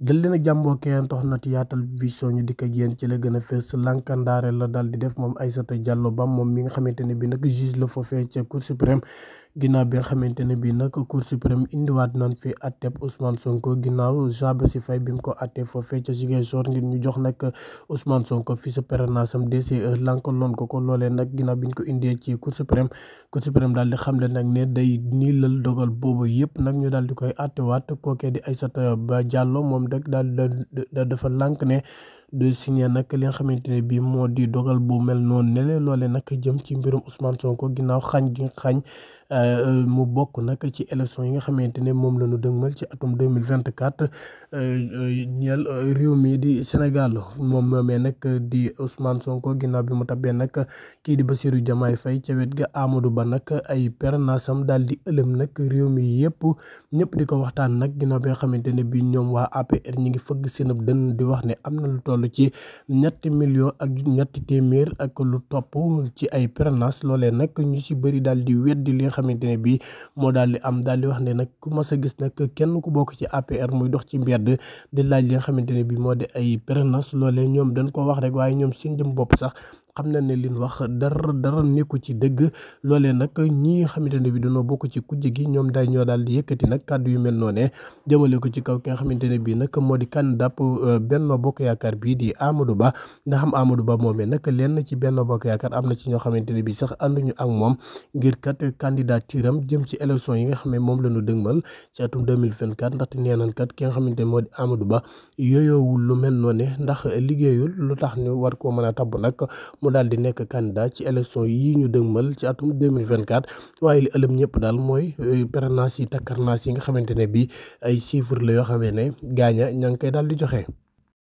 dal leen ak jàmm mbokk yi tax na ci yaatal vision ñu dikk ak ci la gën a fees lànkandaare la daal di def moom Aïssata Diallo Ba moom mi nga xamante ne bi nag juge la foofee ca cour suprême ginnaaw bi nga xamante ne bi nag cour suprême indiwaat nañ fi atteb Ousmane Sonko ginnaaw Jean-Baptiste Faye bi mu ko attee foofee ca Ziguinchor ngir ñu jox nag Ousmane Sonko fi sa parrainage am DCE lànkaloon ko ko loolee nag ginnaaw bi ñu ko indee ci cour suprême cour suprême daal di xamle ne day nii lal dogal boobu yëpp nag ñu daal di koy attewaat kookee di Aïssata Ba Diallo moom rek daal da dafa lànk ne du signé nag li nga xamante ne bii moo di dogal bu mel noonu ne loole nag jëm ci mbirum Ousmane Sonko ginnaaw xañ gi xañ euh, euh, mu bokk nag ci élection yi nga xamante ne moom la ñu dëgmal ci atum 2024 euh, ñeel réew mi di Sénégal moom moomee nag di Ousmane Sonko ginnaaw bi mu tabbee nag kii di Bassirou jamaay fay ca wet ga Amadou Ba nag ay pernaasam daal di ëlëm nag réew mi yëpp ñëpp di ko waxtaan nag ginnaaw bi xamante ne bii ñoom waa AP at ñi ngi fëgg seen dënn di wax ne am na lu toll ci ñetti million ak ñetti téeméer ak lu topp ci ay prénance loolee nag ñu ci bëri daal di weddi li nga xamante ne bii moo daal di am daal di wax ne nag ku mas a gis nak kenn ku bokk ci APR muy dox ci mbedd di laaj li nga xamante ne bii moo di ay prénance loole ñoom dañ ko wax rek waaye ñoom seen jëm bopp sax xam na ne liin wax dara dara nekku ci dëgg loolee nag ñi xamante ne bi dañoo bokk ci kujje gi ñoom day ñoo daal di yëkkati nag kàddu yu mel noonee jëmale ko ci kaw ki nga xamante ne bii nag moo di candidat euh, Benno Bokk Yaakaar bii di Amadou Ba ndax am Amadou Ba moomee nag lenn ci Benno Bokk Yaakaar am na ci ñoo xamante ne bii sax ànduñu ak moom ngir kat candidature am jëm ci élection yi nga xam ne moom la ñu dëgmal ci atum 2024 ndaxte nee nañ kat ki nga xamante ne moo di Amadou Ba yooyoowul lu mel noonee ndax liggéeyul lu tax ñu war koo mën a tabb nag mu daal di nekk candidat ci élection yi ñu dëgmal ci atum 2024 waaye li ëlëm ñëpp daal mooy euh, parrainage yi takkarnaas yi nga xamante ne bi ay chiffres la yoo xamee ne gaaña ña ngi koy daal di joxe